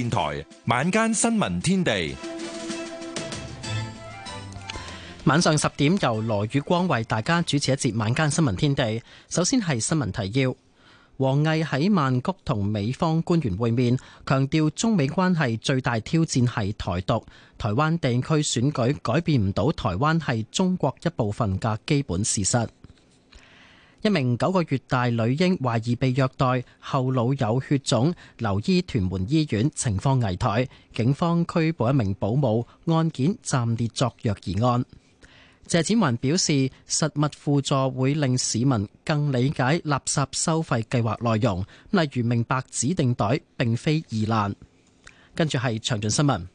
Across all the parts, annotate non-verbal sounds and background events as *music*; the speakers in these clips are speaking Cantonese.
電台晚間新聞天地，晚上十點由羅宇光為大家主持一節晚間新聞天地。首先係新聞提要：王毅喺曼谷同美方官員會面，強調中美關係最大挑戰係台獨，台灣地區選舉改變唔到台灣係中國一部分嘅基本事實。一名九個月大女嬰懷疑被虐待，後腦有血腫，留醫屯門醫院，情況危殆。警方拘捕一名保姆，案件暫列作虐兒案。謝展寰表示，實物輔助會令市民更理解垃圾收費計劃內容，例如明白指定袋並非易爛。跟住係詳盡新聞。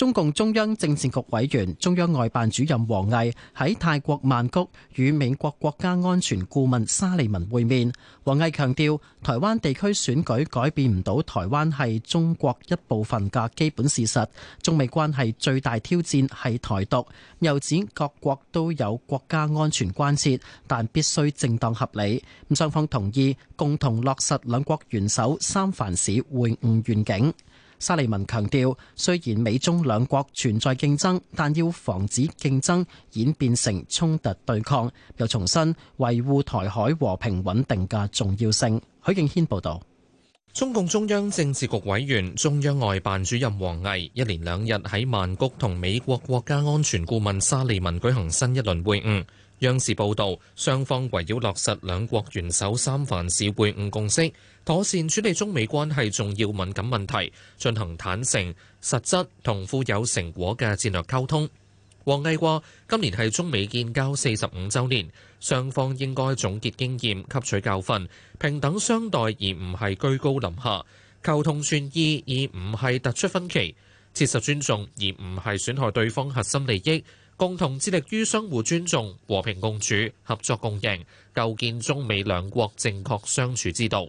中共中央政治局委員、中央外辦主任王毅喺泰國曼谷與美國國家安全顧問沙利文會面。王毅強調台灣地區選舉改變唔到台灣係中國一部分嘅基本事實，中美關係最大挑戰係台獨，又指各國都有國家安全關切，但必須正當合理。咁雙方同意共同落實兩國元首三藩市會晤願景。沙利文強調，雖然美中兩國存在競爭，但要防止競爭演變成衝突對抗。又重申維護台海和平穩定嘅重要性。許敬軒報導，中共中央政治局委員、中央外辦主任王毅一連兩日喺曼谷同美國國家安全顧問沙利文舉行新一輪會晤。央視報導，雙方圍繞落實兩國元首三藩市會晤共識，妥善處理中美關係重要敏感問題，進行坦誠、實質同富有成果嘅戰略溝通。王毅話：今年係中美建交四十五週年，雙方應該總結經驗，吸取教訓，平等相待而唔係居高臨下，求同存異而唔係突出分歧，切實尊重而唔係損害對方核心利益。共同致力於相互尊重、和平共處、合作共贏，構建中美兩國正確相處之道。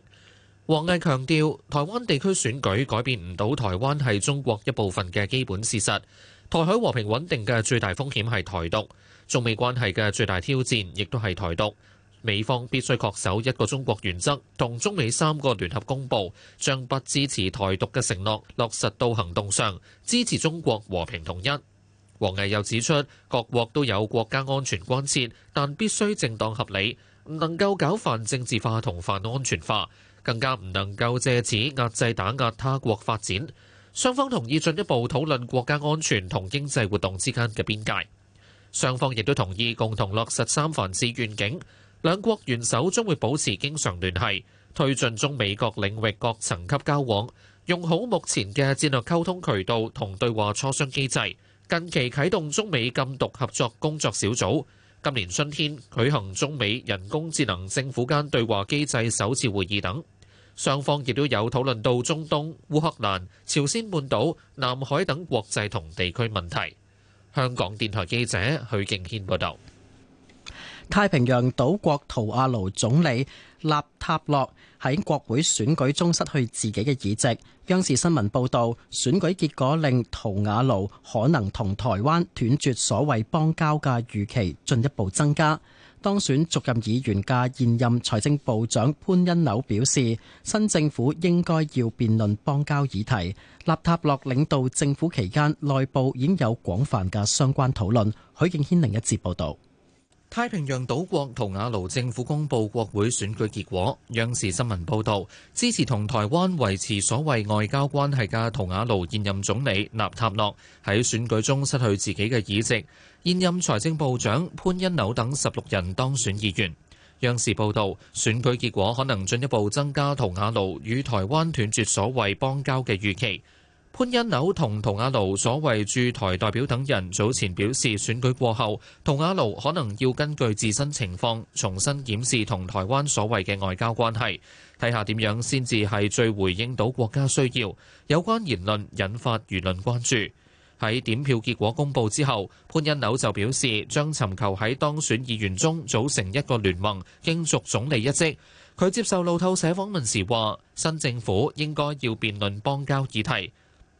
王毅強調，台灣地區選舉改變唔到台灣係中國一部分嘅基本事實。台海和平穩定嘅最大風險係台獨，中美關係嘅最大挑戰亦都係台獨。美方必須恪守一個中國原則，同中美三個聯合公佈，將不支持台獨嘅承諾落，落實到行動上，支持中國和平統一。王毅又指出，各國都有國家安全關切，但必須正當合理，唔能夠搞泛政治化同泛安全化，更加唔能夠借此壓制打壓他國發展。雙方同意進一步討論國家安全同經濟活動之間嘅邊界。雙方亦都同意共同落實三藩市願景，兩國元首將會保持經常聯繫，推進中美各領域各層級交往，用好目前嘅戰略溝通渠道同對話磋商機制。近期啟動中美禁毒合作工作小組，今年春天舉行中美人工智能政府間對話機制首次會議等，雙方亦都有討論到中東、烏克蘭、朝鮮半島、南海等國際同地區問題。香港電台記者許敬軒報道。太平洋島國圖阿盧總理納塔洛，喺國會選舉中失去自己嘅議席。央視新聞報導，選舉結果令圖瓦盧可能同台灣斷絕所謂邦交嘅預期進一步增加。當選續任議員嘅現任財政部長潘恩紐表示，新政府應該要辯論邦交議題。納塔諾領導政府期間，內部已經有廣泛嘅相關討論。許敬軒另一節報導。太平洋島國圖瓦盧政府公布國會選舉結果。央視新聞報道，支持同台灣維持所謂外交關係嘅圖瓦盧現任總理納塔諾喺選舉中失去自己嘅議席，現任財政部長潘恩紐等十六人當選議員。央視報道，選舉結果可能進一步增加圖瓦盧與台灣斷絕所謂邦交嘅預期。潘恩紐同圖瓦盧所謂駐台代表等人早前表示，選舉過後，圖瓦盧可能要根據自身情況重新檢視同台灣所謂嘅外交關係，睇下點樣先至係最回應到國家需要。有關言論引發輿論關注。喺點票結果公佈之後，潘恩紐就表示將尋求喺當選議員中組成一個聯盟，競逐總理一職。佢接受路透社訪問時話：新政府應該要辯論邦交議題。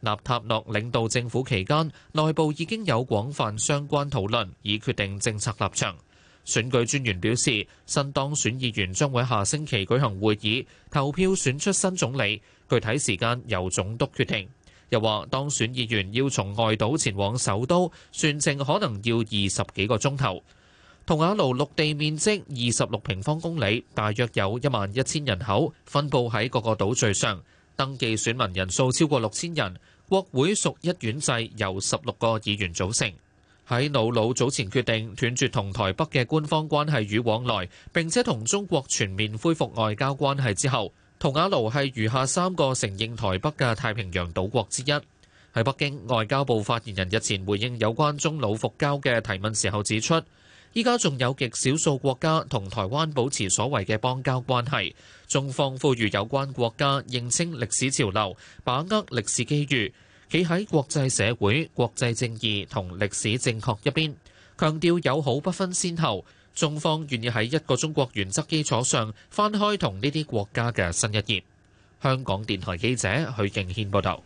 納塔諾領導政府期間，內部已經有廣泛相關討論，以決定政策立場。選舉專員表示，新當選議員將會下星期舉行會議，投票選出新總理，具體時間由總督決定。又話，當選議員要從外島前往首都，船程可能要二十幾個鐘頭。同雅奴陸地面積二十六平方公里，大約有一萬一千人口，分布喺各個島嶼上。登記選民人數超過六千人，國會屬一院制，由十六個議員組成。喺瑙魯早前決定斷絕同台北嘅官方關係與往來，並且同中國全面恢復外交關係之後，圖瓦盧係餘下三個承認台北嘅太平洋島國之一。喺北京外交部發言人日前回應有關中瑙復交嘅提問時候指出。依家仲有極少數國家同台灣保持所謂嘅邦交關係，中方呼籲有關國家認清歷史潮流，把握歷史機遇，企喺國際社會、國際正義同歷史正確一邊，強調友好不分先後，中方願意喺一個中國原則基礎上翻開同呢啲國家嘅新一頁。香港電台記者許敬軒報道。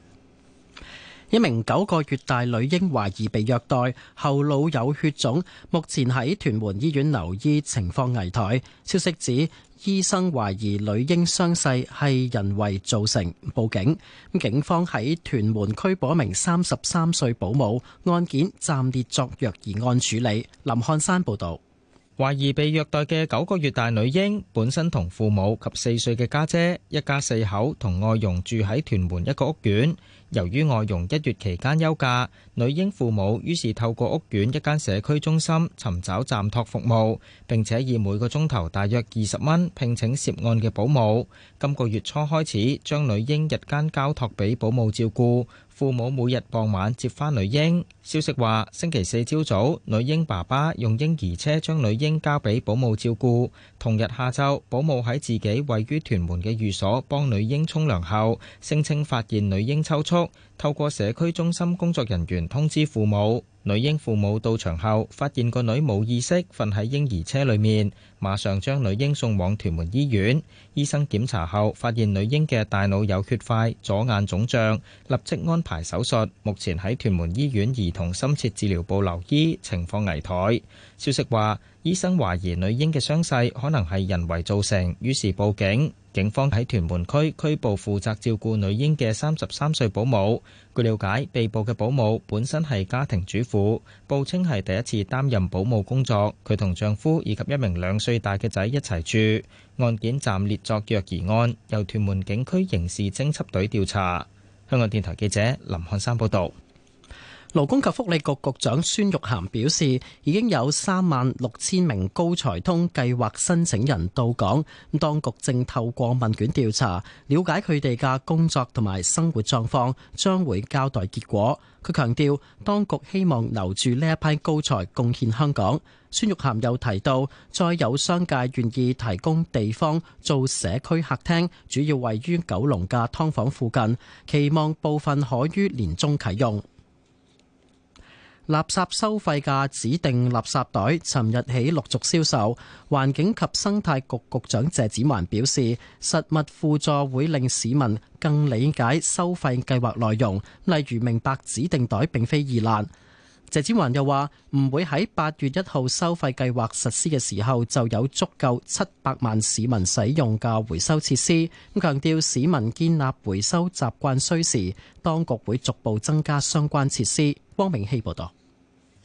一名九個月大女嬰懷疑被虐待，後腦有血腫，目前喺屯門醫院留醫，情況危殆。消息指醫生懷疑女嬰傷勢係人為造成，報警。警方喺屯門拘捕一名三十三歲保姆，案件暫列作虐兒案處理。林漢山報導。懷疑被虐待嘅九個月大女嬰本身同父母及四歲嘅家姐，一家四口同外傭住喺屯門一個屋苑。由於外傭一月期間休假，女嬰父母於是透過屋苑一間社區中心尋找暫託服務，並且以每個鐘頭大約二十蚊聘請涉案嘅保姆。今個月初開始將嬰、將女嬰日間交託俾保姆照顧。父母每日傍晚接返女嬰。消息話，星期四朝早，女嬰爸爸用嬰兒車將女嬰交俾保姆照顧。同日下晝，保姆喺自己位於屯門嘅寓所幫女嬰沖涼後，聲稱發現女嬰抽搐，透過社區中心工作人員通知父母。女嬰父母到場後發現個女冇意識瞓喺嬰兒車裏面，馬上將女嬰送往屯門醫院。醫生檢查後發現女嬰嘅大腦有血塊，左眼腫脹，立即安排手術，目前喺屯門醫院兒童深切治療部留醫情況危殆。消息話，醫生懷疑女嬰嘅傷勢可能係人為造成，於是報警。警方喺屯門區拘捕負責照顧女嬰嘅三十三歲保姆。據了解，被捕嘅保姆本身係家庭主婦，報稱係第一次擔任保姆工作。佢同丈夫以及一名兩歲大嘅仔一齊住。案件暫列作虐兒案，由屯門警區刑事偵緝隊調查。香港電台記者林漢山報道。勞工及福利局局長孫玉菡表示，已經有三萬六千名高才通計劃申請人到港，當局正透過問卷調查了解佢哋嘅工作同埋生活狀況，將會交代結果。佢強調，當局希望留住呢一批高才，貢獻香港。孫玉菡又提到，再有商界願意提供地方做社區客廳，主要位於九龍嘅劏房附近，期望部分可於年中啟用。垃圾收費嘅指定垃圾袋，尋日起陸續銷售。環境及生態局局長謝展寰表示，實物輔助會令市民更理解收費計劃內容，例如明白指定袋並非易爛。謝展寰又話：唔會喺八月一號收費計劃實施嘅時候就有足夠七百萬市民使用嘅回收設施。咁強調市民建立回收習慣需時，當局會逐步增加相關設施。汪明希報導。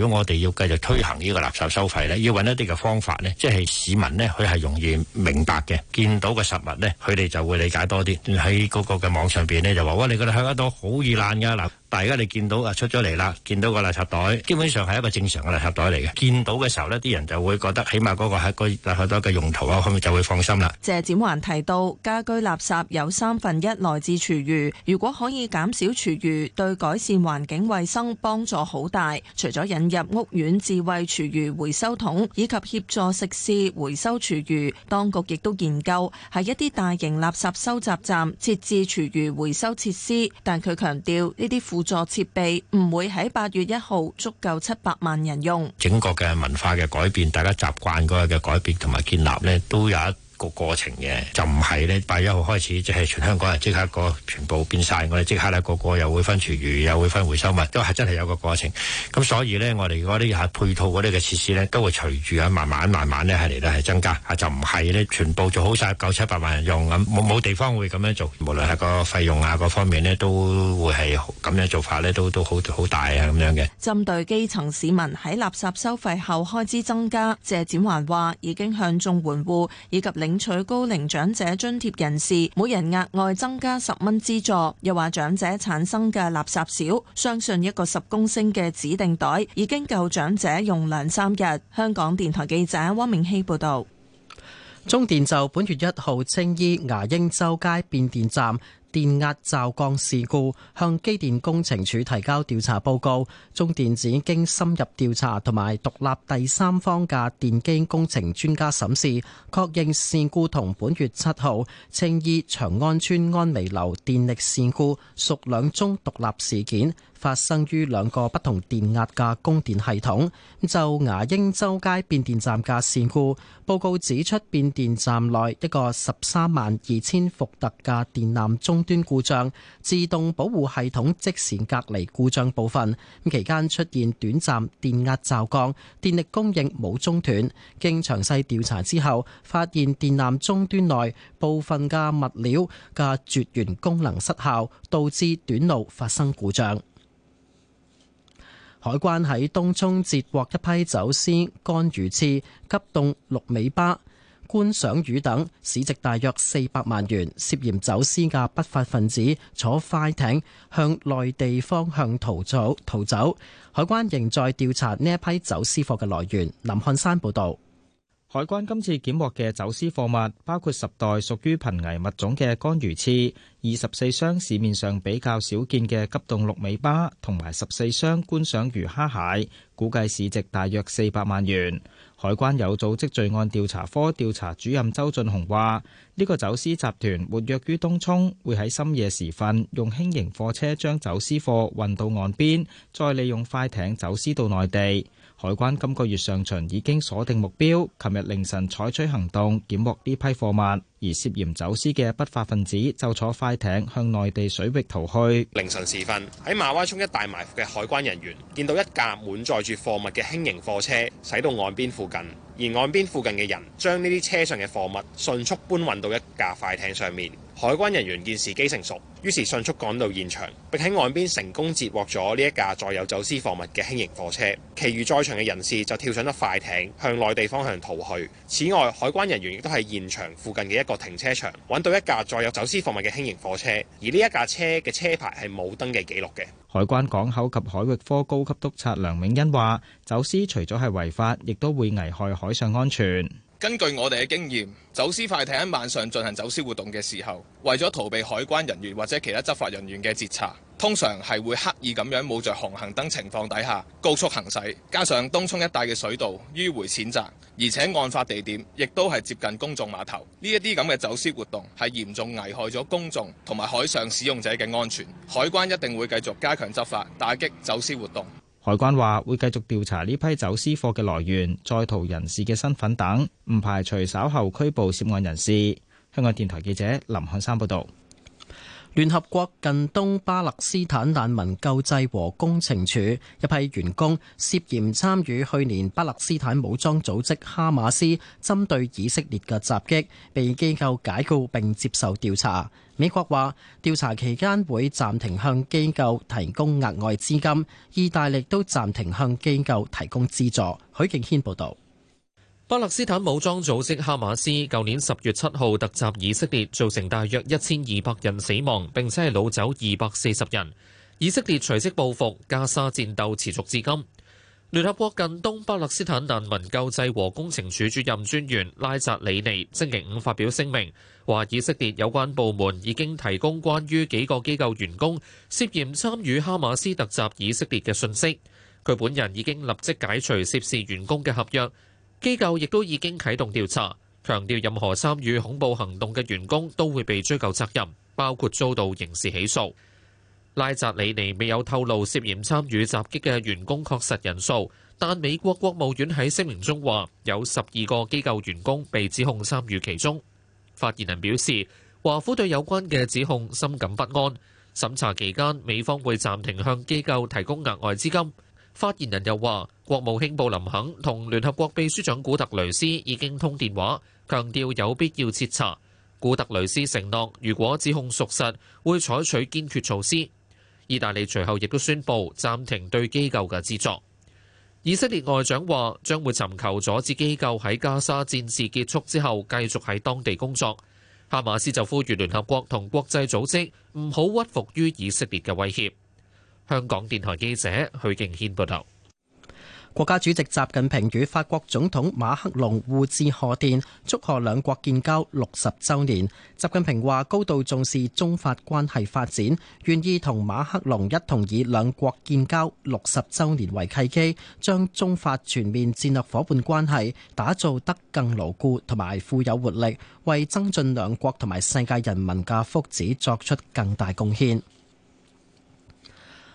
如果我哋要繼續推行呢個垃圾收費咧，要揾一啲嘅方法咧，即係市民咧，佢係容易明白嘅，見到個實物咧，佢哋就會理解多啲。喺嗰個嘅網上邊咧，就話：哇！你覺得香港島好易爛㗎，嗱。大家你見到啊出咗嚟啦，見到個垃圾袋，基本上係一個正常嘅垃圾袋嚟嘅。見到嘅時候呢，啲人就會覺得起碼嗰個係個垃圾袋嘅用途啊，佢就會放心啦。謝展環提到，家居垃圾有三分一來自廚餘，如果可以減少廚餘，對改善環境衛生幫助好大。除咗引入屋苑智慧廚餘回收桶，以及協助食肆回收廚餘，當局亦都研究喺一啲大型垃圾收集站設置廚餘回收設施。但佢強調呢啲輔助設備唔會喺八月一號足夠七百萬人用。整個嘅文化嘅改變，大家習慣嗰日嘅改變同埋建立呢都有一。個過程嘅就唔係呢。八月一號開始，即係、就是、全香港人即刻個全部變晒。我哋即刻咧個，個個又會分廚餘，又會分回收物，都係真係有個過程。咁所以呢，我哋嗰啲係配套嗰啲嘅設施呢，都會隨住啊，慢慢慢慢呢係嚟到係增加。啊，就唔係呢，全部做好晒九七百萬人用咁，冇冇地方會咁樣做，無論係個費用啊各方面呢，都會係咁樣做法呢，都都好好大啊咁樣嘅。針對基層市民喺垃圾收費後開支增加，謝展寰話已經向綜援戶以及另。領取高齡長者津貼人士，每人額外增加十蚊資助。又話長者產生嘅垃圾少，相信一個十公升嘅指定袋已經夠長者用兩三日。香港電台記者汪明熙報道。中電就本月一號青衣牙鷹洲街變電站電壓驟降事故向機電工程署提交調查報告，中電子經深入調查同埋獨立第三方嘅電機工程專家審視，確認事故同本月七號青衣長安村安湄樓電力事故屬兩宗獨立事件。發生於兩個不同電壓嘅供電系統。就牙英洲街變電站嘅事故報告指出，變電站內一個十三萬二千伏特嘅電纜終端故障，自動保護系統即時隔離故障部分。期間出現短暫電壓驟降，電力供應冇中斷。經詳細調查之後，發現電纜終端內部分嘅物料嘅絕緣功能失效，導致短路發生故障。海關喺東涌截獲一批走私乾魚翅、急凍綠尾鮑、觀賞魚等，市值大約四百萬元。涉嫌走私嘅不法分子坐快艇向內地方向逃走，逃走。海關仍在調查呢一批走私貨嘅來源。林漢山報道。海關今次檢獲嘅走私貨物包括十袋屬於瀕危物種嘅乾魚翅、二十四箱市面上比較少見嘅急凍鹿尾巴，同埋十四箱觀賞魚蝦蟹，估計市值大約四百萬元。海關有組織罪案調查科調查主任周俊雄話：呢個走私集團活躍於東涌，會喺深夜時分用輕型貨車將走私貨運到岸邊，再利用快艇走私到內地。海關今個月上旬已經鎖定目標，琴日凌晨採取行動，檢獲呢批貨物，而涉嫌走私嘅不法分子就坐快艇向內地水域逃去。凌晨時分，喺馬灣涌一帶埋伏嘅海關人員見到一架滿載住貨物嘅輕型貨車駛到岸邊附近。而岸邊附近嘅人將呢啲車上嘅貨物迅速搬運到一架快艇上面。海關人員見時機成熟，於是迅速趕到現場，並喺岸邊成功截獲咗呢一架載有走私貨物嘅輕型貨車，其餘在場嘅人士就跳上咗快艇向內地方向逃去。此外，海關人員亦都喺現場附近嘅一個停車場揾到一架載有走私貨物嘅輕型貨車，而呢一架車嘅車牌係冇登記記錄嘅。海關港口及海域科高級督察梁永恩話：走私除咗係違法，亦都會危害海上安全。根據我哋嘅經驗，走私快艇喺晚上進行走私活動嘅時候，為咗逃避海關人員或者其他執法人員嘅截查，通常係會刻意咁樣冇着航行燈情況底下高速行駛，加上東涌一帶嘅水道迂回淺窄，而且案發地點亦都係接近公眾碼頭，呢一啲咁嘅走私活動係嚴重危害咗公眾同埋海上使用者嘅安全，海關一定會繼續加強執法，打擊走私活動。海關話會繼續調查呢批走私貨嘅來源、在逃人士嘅身份等，唔排除稍後拘捕涉案人士。香港電台記者林漢山報道。聯合國近東巴勒斯坦難民救濟和工程署一批員工涉嫌參與去年巴勒斯坦武裝組織哈馬斯針對以色列嘅襲擊，被機構解僱並接受調查。美國話調查期間會暫停向機構提供額外資金，意大利都暫停向機構提供資助。許敬軒報導。巴勒斯坦武裝組織哈馬斯舊年十月七號突襲以色列，造成大約一千二百人死亡，並且係擄走二百四十人。以色列隨即報復，加沙戰鬥持續至今。聯合國近東巴勒斯坦難民救濟和工程署主任專員拉扎里尼星期五發表聲明，話以色列有關部門已經提供關於幾個機構員工涉嫌參與哈馬斯突襲以色列嘅信息。佢本人已經立即解除涉事員工嘅合約。機構亦都已經啟動調查，強調任何參與恐怖行動嘅員工都會被追究責任，包括遭到刑事起訴。拉扎里尼未有透露涉嫌參與襲擊嘅員工確實人數，但美國國務院喺聲明中話有十二個機構員工被指控參與其中。發言人表示，華府對有關嘅指控深感不安。審查期間，美方會暫停向機構提供額外資金。發言人又話。國務卿布林肯同聯合國秘書長古特雷斯已經通電話，強調有必要徹查。古特雷斯承諾，如果指控屬實，會採取堅決措施。意大利隨後亦都宣布暫停對機構嘅資助。以色列外長話，將會尋求阻止機構喺加沙戰事結束之後繼續喺當地工作。哈馬斯就呼籲聯合國同國際組織唔好屈服於以色列嘅威脅。香港電台記者許敬軒報道。國家主席習近平與法國總統馬克龍互致賀電，祝賀兩國建交六十周年。習近平話：高度重視中法關係發展，願意同馬克龍一同以兩國建交六十周年為契機，將中法全面戰略夥伴關係打造得更牢固同埋富有活力，為增進兩國同埋世界人民嘅福祉作出更大貢獻。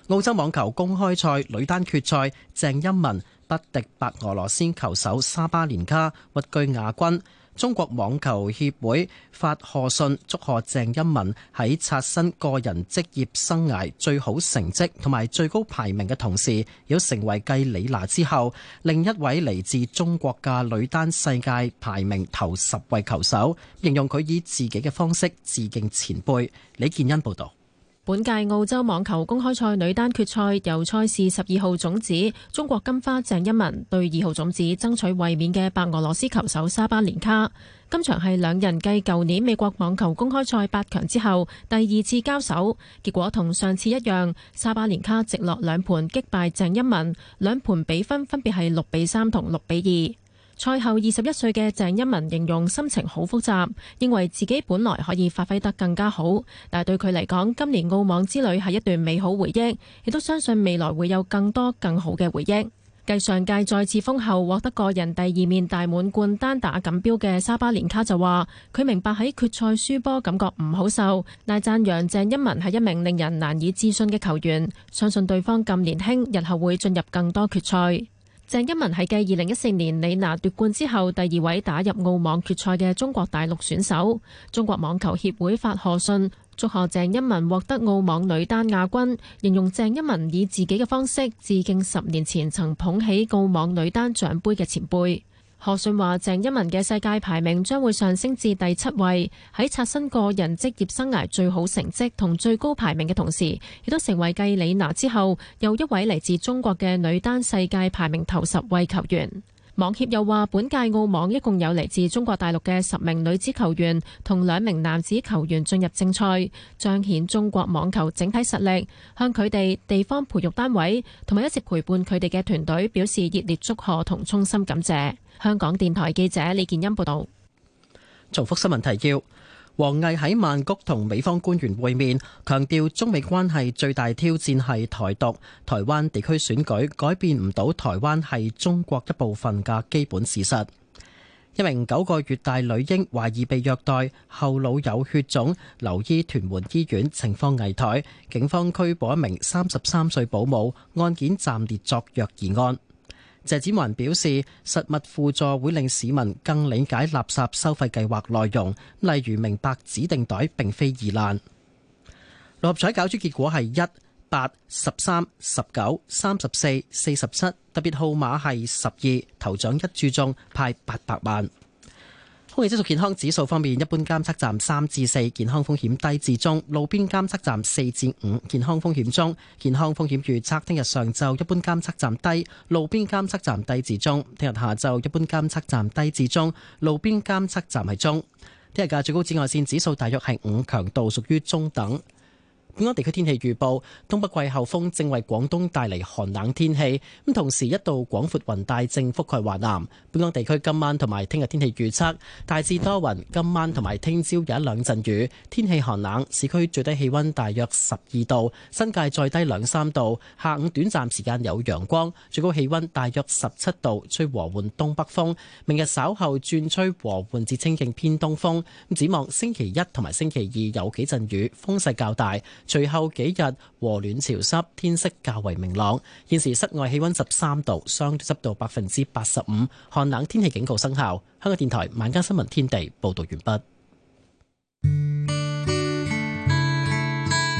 澳洲網球公開賽女單決賽，鄭欽文不敵白俄羅斯球手沙巴連卡，屈居亞軍。中國網球協會發賀信祝賀鄭欽文喺刷新個人職業生涯最好成績同埋最高排名嘅同時，要成為繼李娜之後另一位嚟自中國嘅女單世界排名頭十位球手。形容佢以自己嘅方式致敬前輩。李建恩報導。本屆澳洲網球公開賽女單決賽，由賽事十二號種子中國金花鄭一文對二號種子爭取衛冕嘅白俄羅斯球手沙巴連卡。今場係兩人繼舊年美國網球公開賽八強之後第二次交手，結果同上次一樣，沙巴連卡直落兩盤擊敗鄭一文，兩盤比分分別係六比三同六比二。賽後，二十一歲嘅鄭欽文形容心情好複雜，認為自己本來可以發揮得更加好，但係對佢嚟講，今年澳網之旅係一段美好回憶，亦都相信未來會有更多更好嘅回憶。繼上屆再次封后，獲得個人第二面大滿貫單打錦標嘅沙巴連卡就話，佢明白喺決賽輸波感覺唔好受，但讚揚鄭欽文係一名令人難以置信嘅球員，相信對方咁年輕，日後會進入更多決賽。鄭欽文係繼二零一四年李娜奪冠之後第二位打入澳網決賽嘅中國大陸選手。中國網球協會發賀信，祝賀鄭欽文獲得澳網女單亞軍，形容鄭欽文以自己嘅方式致敬十年前曾捧起澳網女單獎盃嘅前輩。何順話：鄭一文嘅世界排名將會上升至第七位，喺刷新個人職業生涯最好成績同最高排名嘅同時，亦都成為繼李娜之後又一位嚟自中國嘅女單世界排名頭十位球員。網協又話，本屆澳網一共有嚟自中國大陸嘅十名女子球員同兩名男子球員進入正賽，彰顯中國網球整體實力，向佢哋地方培育單位同埋一直陪伴佢哋嘅團隊表示熱烈祝賀同衷心感謝。香港電台記者李健恩報道。重複新聞提要。王毅喺曼谷同美方官員會面，強調中美關係最大挑戰係台獨。台灣地區選舉改變唔到台灣係中國一部分嘅基本事實。一名九個月大女嬰懷疑被虐待，後腦有血腫，留醫屯門醫院，情況危殆。警方拘捕一名三十三歲保姆，案件暫列作虐兒案。謝展寰表示，實物輔助會令市民更理解垃圾收費計劃內容，例如明白指定袋並非疑難。六合彩攪珠結果係一八十三十九三十四四十七，特別號碼係十二，頭獎一注中派八百萬。空氣質素健康指數方面，一般監測站三至四，健康風險低至中；路邊監測站四至五，健康風險中。健康風險預測聽日上晝一般監測站低，路邊監測站低至中；聽日下晝一般監測站低至中，路邊監測站係中。聽日嘅最高紫外線指數大約係五，強度屬於中等。本港地區天氣預報：東北季候風正為廣東帶嚟寒冷天氣，咁同時一道廣闊雲帶正覆蓋華南。本港地區今晚同埋聽日天氣預測大致多雲，今晚同埋聽朝有一兩陣雨，天氣寒冷，市區最低氣温大約十二度，新界再低兩三度。下午短暫時間有陽光，最高氣温大約十七度，吹和緩東北風。明日稍後轉吹和緩至清勁偏東風。咁展望星期一同埋星期二有幾陣雨，風勢較大。隨後幾日和暖潮濕，天色較為明朗。現時室外氣溫十三度，相對濕度百分之八十五，寒冷天氣警告生效。香港電台《晚間新聞天地》報道完畢。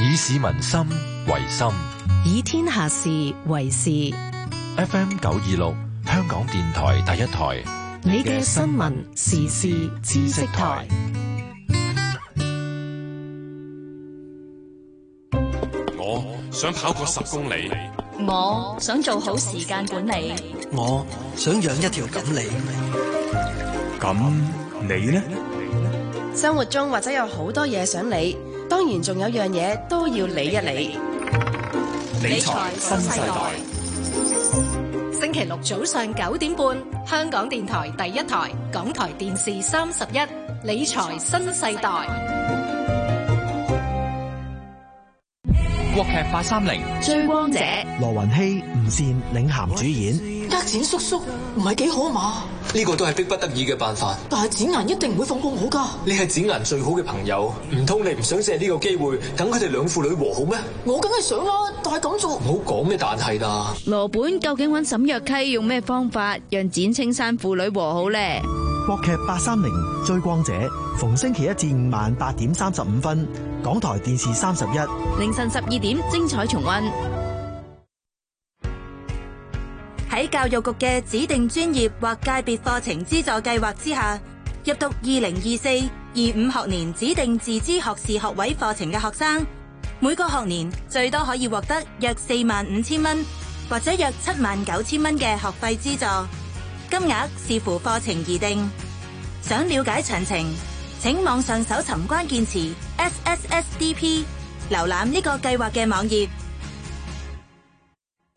以市民心為心，以天下事為事。FM 九二六，香港電台第一台，你嘅新聞時事知識台。想跑過十公里，我想做好時間管理，我想養一條錦鯉。咁你呢？生活中或者有好多嘢想理，當然仲有樣嘢都要理一理。理財新世代，星期六早上九點半，香港電台第一台，港台電視三十一，理財新世代。國劇八三零《追光者》，羅雲熙、吳倩領銜主演。得展叔叔唔係幾好嘛？呢個都係逼不得已嘅辦法。但係展顏一定唔會放過我噶。你係展顏最好嘅朋友，唔通你唔想借呢個機會等佢哋兩父女和好咩？我梗係想啦，但係咁做唔好講咩但係啦。羅本究竟揾沈若溪，溪用咩方法讓展青山父女和好咧？國劇八三零追光者，逢星期一至五晚八點三十五分，港台電視三十一。凌晨十二點，精彩重温。喺教育局嘅指定專業或界別課程資助計劃之下，入讀二零二四二五學年指定自資學士學位課程嘅學生，每個學年最多可以獲得約四萬五千蚊或者約七萬九千蚊嘅學費資助。金額視乎課程而定，想了解詳情，請網上搜尋關鍵詞 S S S D P，瀏覽呢個計劃嘅網頁。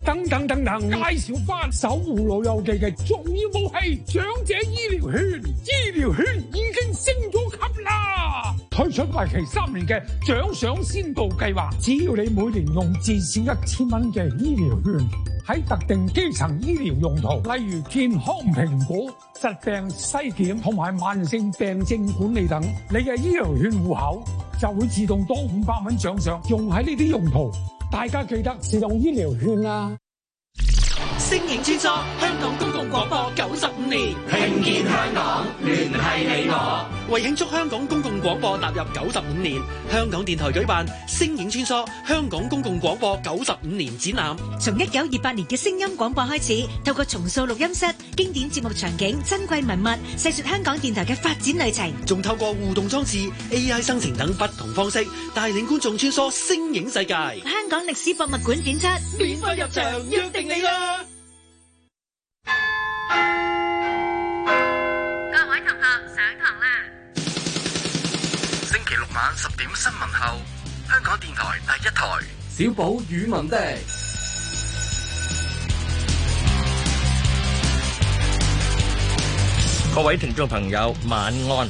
等等等等，介紹翻守護老友記嘅重要武器——長者醫療券，醫療券已經升咗級啦。推出為期三年嘅獎賞先導計劃，只要你每年用至少一千蚊嘅醫療券喺特定基層醫療用途，例如健康評估、疾病篩檢同埋慢性病症管理等，你嘅醫療券戶口就會自動多五百蚊獎賞，用喺呢啲用途。大家記得自用醫療券啦！聲影穿梭，香港公共廣播九十五年，聽見香港，聯繫你我。為慶祝香港公共廣播踏入九十五年，香港電台舉辦《聲影穿梭香港公共廣播九十五年展覽》，從一九二八年嘅聲音廣播開始，透過重塑錄音室、經典節目場景、珍貴文物，細說香港電台嘅發展旅程，仲透過互動裝置、AI 生成等不同方式，帶領觀眾穿梭聲影世界。香港歷史博物館展出，免費入場，約定你啦！各位同學，上堂。晚十點新聞後，香港電台第一台小寶語文的各位聽眾朋友，晚安，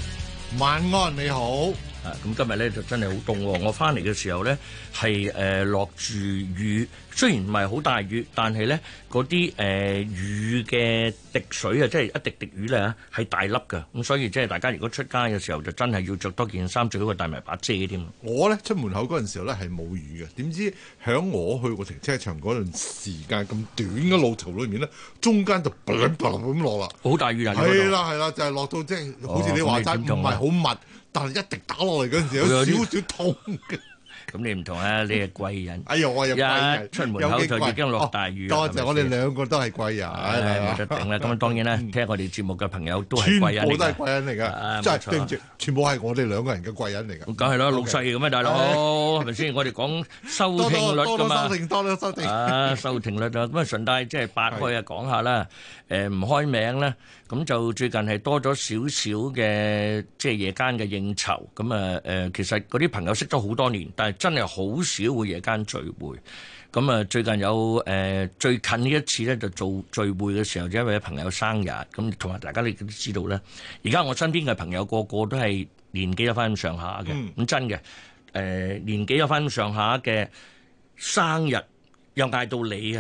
晚安，你好。啊，咁今日咧就真係好凍喎，我翻嚟嘅時候咧係誒落住雨。雖然唔係好大雨，但係咧，嗰啲誒雨嘅滴水啊，即係一滴滴雨咧，嚇係大粒㗎，咁所以即係大家如果出街嘅時候就真係要着多件衫，最好帶埋把遮添。我咧出門口嗰陣時候咧係冇雨嘅，點知響我去個停車場嗰陣時間咁短嘅路途裏面咧，中間就卜卜咁落啦，好大雨啊！係啦係啦，就係、是、落到即係、就是、好似、哦、你話齋唔係好密，但係一滴打落嚟嗰陣時有少少痛嘅。 *laughs* 咁你唔同啊！你係貴人。哎呀，我係貴人。一出門口就已經落大雨。多謝我哋兩個都係貴人。唔得頂啦！咁啊，當然啦，聽我哋節目嘅朋友都係貴人嚟㗎。全部都係貴人嚟㗎。真係正直，全部係我哋兩個人嘅貴人嚟㗎。梗係啦，六世咁啊，大佬係咪先？我哋講收聽率㗎嘛。多多收聽，多多收聽。啊，收聽率啊，咁啊順帶即係八開啊，講下啦。誒，唔開名啦。咁就最近係多咗少少嘅，即係夜間嘅應酬。咁啊，誒其實啲朋友識咗好多年，但係真係好少會夜間聚會。咁啊，最近有誒最近呢一次咧，就做聚會嘅時候，就因為朋友生日。咁同埋大家你都知道咧，而家我身邊嘅朋友個個都係年紀有翻咁上下嘅，咁，嗯，真嘅誒年紀有翻咁上下嘅生日又嗌到你